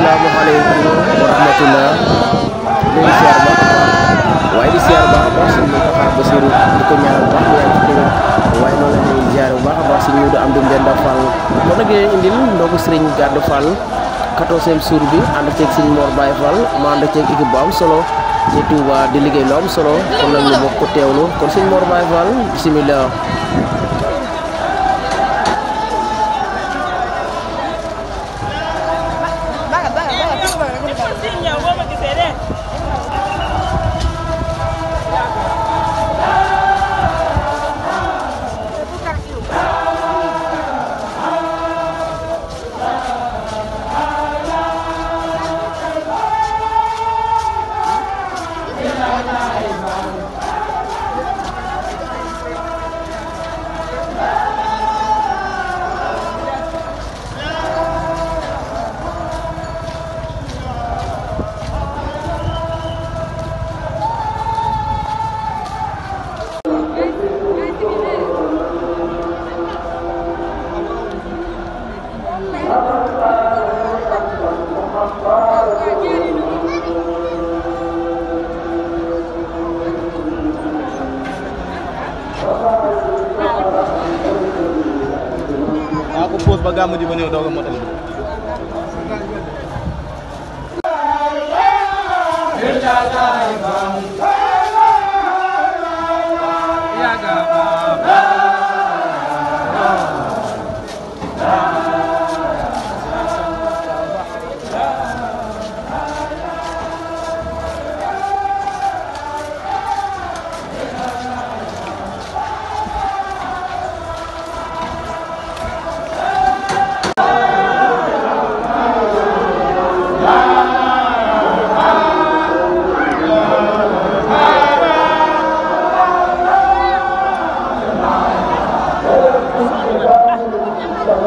asalaamaaleykum wa rahmatulah di leen siyaar baax waaye di siyaar baax a baax suñu Mountakha Bassirou di ko ñaanal baax ñu yàgg ci waaye noonu la ñuy ziare bu baax a baax suñu am du Mbenda Fall kon nag yéen indil ndogu Sëriñ Gàddu Fall quatorzième jour bi ànd ceeg Sëriñ Mor ma ànd ceeg équipe bu am solo ci Touba di liggéey lu am solo kon nag ñu bokk ko life. daa ko pause ba gàmm ji ba ñëw doog a motal bi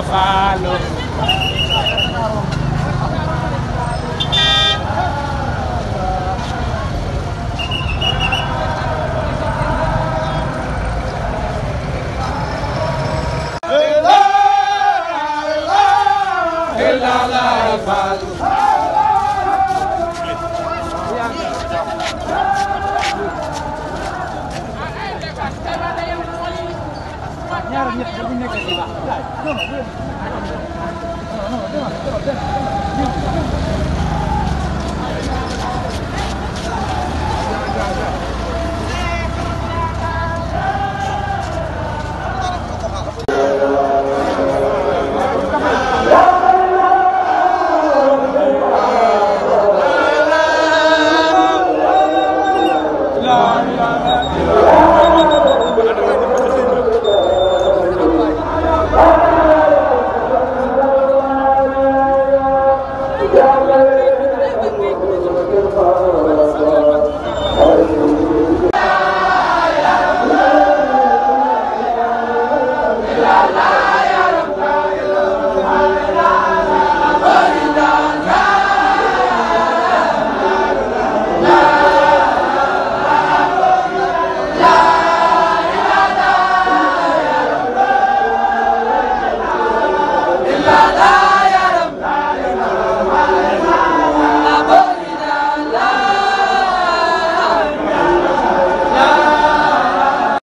buffalo. ñaar ñett bu nekk ci baax